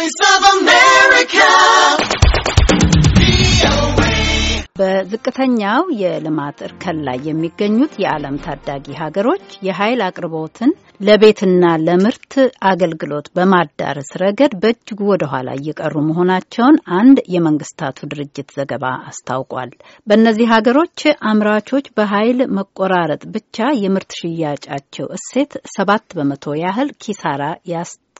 Voice of America. በዝቅተኛው የልማት እርከን ላይ የሚገኙት የዓለም ታዳጊ ሀገሮች የኃይል አቅርቦትን ለቤትና ለምርት አገልግሎት በማዳረስ ረገድ በእጅጉ ወደ ኋላ እየቀሩ መሆናቸውን አንድ የመንግስታቱ ድርጅት ዘገባ አስታውቋል። በእነዚህ ሀገሮች አምራቾች በኃይል መቆራረጥ ብቻ የምርት ሽያጫቸው እሴት ሰባት በመቶ ያህል ኪሳራ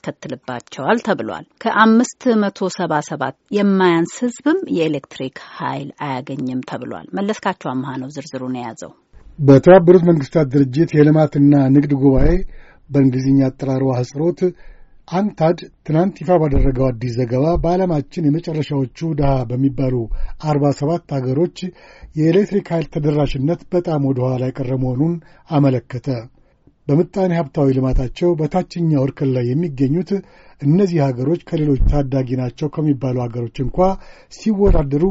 ያስከትልባቸዋል ተብሏል። ከአምስት መቶ ሰባ ሰባት የማያንስ ህዝብም የኤሌክትሪክ ኃይል አያገኝም ተብሏል። መለስካቸው አመሀ ነው ዝርዝሩን የያዘው። በተባበሩት መንግስታት ድርጅት የልማትና ንግድ ጉባኤ በእንግሊዝኛ አጠራሩ አህጽሮት አንታድ ትናንት ይፋ ባደረገው አዲስ ዘገባ በዓለማችን የመጨረሻዎቹ ድሃ በሚባሉ አርባ ሰባት ሀገሮች የኤሌክትሪክ ኃይል ተደራሽነት በጣም ወደ ኋላ የቀረ መሆኑን አመለከተ። በምጣኔ ሀብታዊ ልማታቸው በታችኛው እርከን ላይ የሚገኙት እነዚህ ሀገሮች ከሌሎች ታዳጊ ናቸው ከሚባሉ ሀገሮች እንኳ ሲወዳደሩ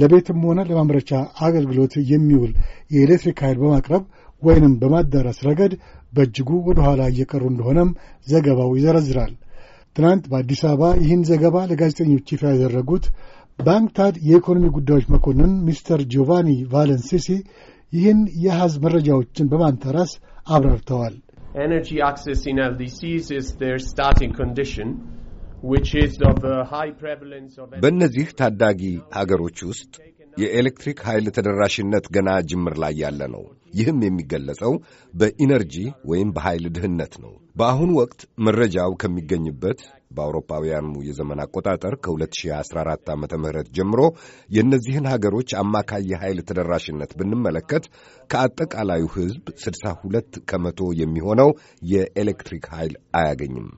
ለቤትም ሆነ ለማምረቻ አገልግሎት የሚውል የኤሌክትሪክ ኃይል በማቅረብ ወይንም በማዳረስ ረገድ በእጅጉ ወደ ኋላ እየቀሩ እንደሆነም ዘገባው ይዘረዝራል። ትናንት በአዲስ አበባ ይህን ዘገባ ለጋዜጠኞች ይፋ ያደረጉት ባንክታድ የኢኮኖሚ ጉዳዮች መኮንን ሚስተር ጆቫኒ ቫለንሲሲ ይህን የሐዝ መረጃዎችን በማንተራስ አብራርተዋል። energy access in LDCs is their starting condition, በእነዚህ ታዳጊ ሀገሮች ውስጥ የኤሌክትሪክ ኃይል ተደራሽነት ገና ጅምር ላይ ያለ ነው። ይህም የሚገለጸው በኢነርጂ ወይም በኃይል ድህነት ነው። በአሁኑ ወቅት መረጃው ከሚገኝበት በአውሮፓውያኑ የዘመን አቆጣጠር ከ2014 ዓ ም ጀምሮ የእነዚህን ሀገሮች አማካይ የኃይል ተደራሽነት ብንመለከት ከአጠቃላዩ ሕዝብ 62 ከመቶ የሚሆነው የኤሌክትሪክ ኃይል አያገኝም።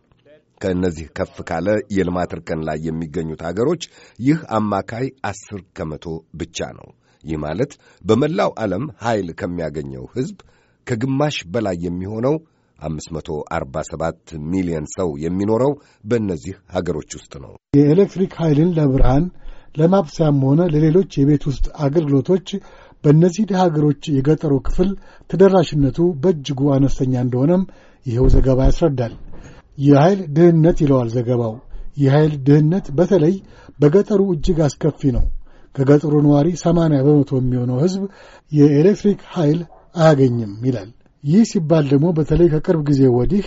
ከእነዚህ ከፍ ካለ የልማት እርከን ላይ የሚገኙት ሀገሮች ይህ አማካይ አስር ከመቶ ብቻ ነው። ይህ ማለት በመላው ዓለም ኃይል ከሚያገኘው ሕዝብ ከግማሽ በላይ የሚሆነው 547 ሚሊዮን ሰው የሚኖረው በእነዚህ ሀገሮች ውስጥ ነው። የኤሌክትሪክ ኃይልን ለብርሃን ለማብሰያም ሆነ ለሌሎች የቤት ውስጥ አገልግሎቶች በእነዚህ ድሃ ሀገሮች የገጠሩ ክፍል ተደራሽነቱ በእጅጉ አነስተኛ እንደሆነም ይኸው ዘገባ ያስረዳል። የኃይል ድህነት ይለዋል ዘገባው። የኃይል ድህነት በተለይ በገጠሩ እጅግ አስከፊ ነው። ከገጠሩ ነዋሪ 80 በመቶ የሚሆነው ሕዝብ የኤሌክትሪክ ኃይል አያገኝም ይላል። ይህ ሲባል ደግሞ በተለይ ከቅርብ ጊዜ ወዲህ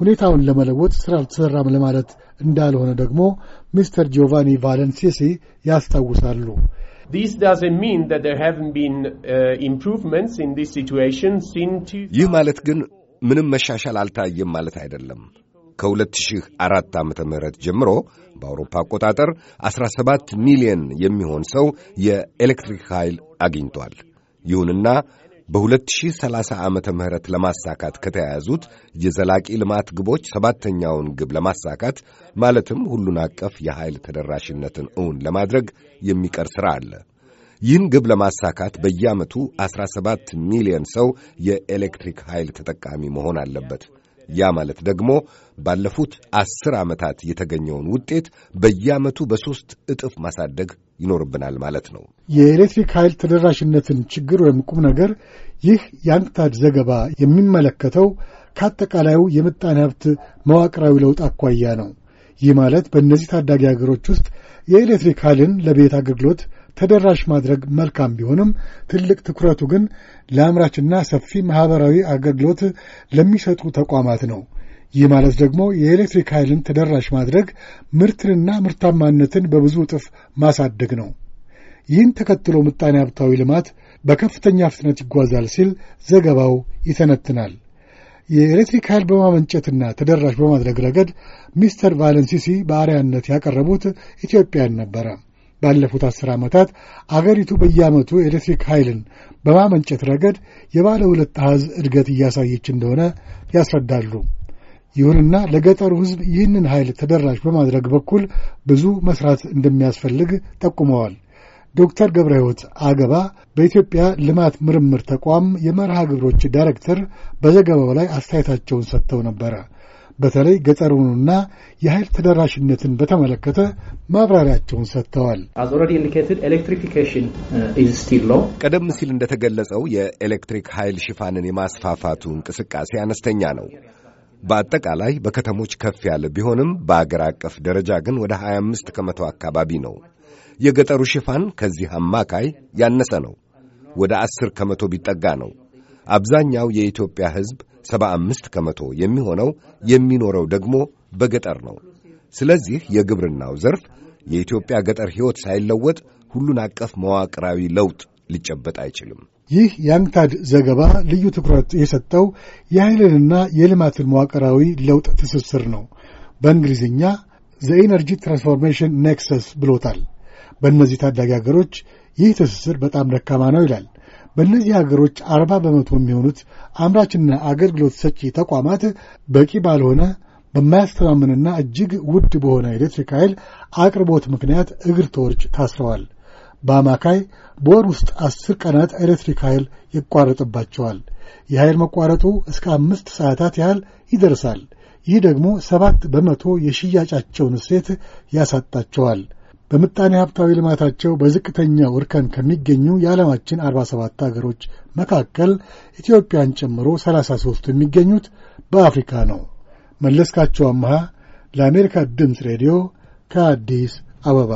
ሁኔታውን ለመለወጥ ስራ አልተሰራም ለማለት እንዳልሆነ ደግሞ ሚስተር ጂዮቫኒ ቫለንሲሲ ያስታውሳሉ። uh, ይህ ማለት ግን ምንም መሻሻል አልታየም ማለት አይደለም። ከ2004 ዓ ም ጀምሮ በአውሮፓ አቆጣጠር 17 ሚሊዮን የሚሆን ሰው የኤሌክትሪክ ኃይል አግኝቷል። ይሁንና በ2030 ዓ ም ለማሳካት ከተያያዙት የዘላቂ ልማት ግቦች ሰባተኛውን ግብ ለማሳካት ማለትም ሁሉን አቀፍ የኃይል ተደራሽነትን እውን ለማድረግ የሚቀር ሥራ አለ። ይህን ግብ ለማሳካት በየዓመቱ 17 ሚሊዮን ሰው የኤሌክትሪክ ኃይል ተጠቃሚ መሆን አለበት። ያ ማለት ደግሞ ባለፉት አስር ዓመታት የተገኘውን ውጤት በየዓመቱ በሦስት እጥፍ ማሳደግ ይኖርብናል ማለት ነው። የኤሌክትሪክ ኃይል ተደራሽነትን ችግር ወይም ቁም ነገር ይህ የአንክታድ ዘገባ የሚመለከተው ከአጠቃላዩ የምጣኔ ሀብት መዋቅራዊ ለውጥ አኳያ ነው። ይህ ማለት በእነዚህ ታዳጊ ሀገሮች ውስጥ የኤሌክትሪክ ኃይልን ለቤት አገልግሎት ተደራሽ ማድረግ መልካም ቢሆንም ትልቅ ትኩረቱ ግን ለአምራችና ሰፊ ማኅበራዊ አገልግሎት ለሚሰጡ ተቋማት ነው። ይህ ማለት ደግሞ የኤሌክትሪክ ኃይልን ተደራሽ ማድረግ ምርትንና ምርታማነትን በብዙ እጥፍ ማሳደግ ነው። ይህን ተከትሎ ምጣኔ ሀብታዊ ልማት በከፍተኛ ፍጥነት ይጓዛል ሲል ዘገባው ይተነትናል። የኤሌክትሪክ ኃይል በማመንጨትና ተደራሽ በማድረግ ረገድ ሚስተር ቫለንሲሲ በአርያነት ያቀረቡት ኢትዮጵያን ነበረ። ባለፉት አስር ዓመታት አገሪቱ በየዓመቱ ኤሌክትሪክ ኃይልን በማመንጨት ረገድ የባለ ሁለት አሃዝ እድገት እያሳየች እንደሆነ ያስረዳሉ። ይሁንና ለገጠሩ ሕዝብ ይህንን ኃይል ተደራሽ በማድረግ በኩል ብዙ መስራት እንደሚያስፈልግ ጠቁመዋል። ዶክተር ገብረ ሕይወት አገባ በኢትዮጵያ ልማት ምርምር ተቋም የመርሃ ግብሮች ዳይሬክተር በዘገባው ላይ አስተያየታቸውን ሰጥተው ነበረ። በተለይ ገጠሩንና የኃይል ተደራሽነትን በተመለከተ ማብራሪያቸውን ሰጥተዋል። uh, ቀደም ሲል እንደተገለጸው የኤሌክትሪክ ኃይል ሽፋንን የማስፋፋቱ እንቅስቃሴ አነስተኛ ነው። በአጠቃላይ በከተሞች ከፍ ያለ ቢሆንም በአገር አቀፍ ደረጃ ግን ወደ 25 ከመቶ አካባቢ ነው። የገጠሩ ሽፋን ከዚህ አማካይ ያነሰ ነው፣ ወደ 10 ከመቶ ቢጠጋ ነው። አብዛኛው የኢትዮጵያ ሕዝብ ሰባ አምስት ከመቶ የሚሆነው የሚኖረው ደግሞ በገጠር ነው። ስለዚህ የግብርናው ዘርፍ የኢትዮጵያ ገጠር ሕይወት ሳይለወጥ ሁሉን አቀፍ መዋቅራዊ ለውጥ ሊጨበጥ አይችልም። ይህ የአንታድ ዘገባ ልዩ ትኩረት የሰጠው የኃይልንና የልማትን መዋቅራዊ ለውጥ ትስስር ነው። በእንግሊዝኛ ዘኢነርጂ ትራንስፎርሜሽን ኔክሰስ ብሎታል። በእነዚህ ታዳጊ ሀገሮች ይህ ትስስር በጣም ደካማ ነው ይላል። በእነዚህ ሀገሮች አርባ በመቶ የሚሆኑት አምራችና አገልግሎት ሰጪ ተቋማት በቂ ባልሆነ በማያስተማምንና እጅግ ውድ በሆነ ኤሌክትሪክ ኃይል አቅርቦት ምክንያት እግር ተወርጭ ታስረዋል። በአማካይ በወር ውስጥ አስር ቀናት ኤሌክትሪክ ኃይል ይቋረጥባቸዋል። የኃይል መቋረጡ እስከ አምስት ሰዓታት ያህል ይደርሳል። ይህ ደግሞ ሰባት በመቶ የሽያጫቸውን እሴት ያሳጣቸዋል። በምጣኔ ሀብታዊ ልማታቸው በዝቅተኛው እርከን ከሚገኙ የዓለማችን 47 አገሮች መካከል ኢትዮጵያን ጨምሮ 33ቱ የሚገኙት በአፍሪካ ነው። መለስካቸው አምሃ ለአሜሪካ ድምፅ ሬዲዮ ከአዲስ አበባ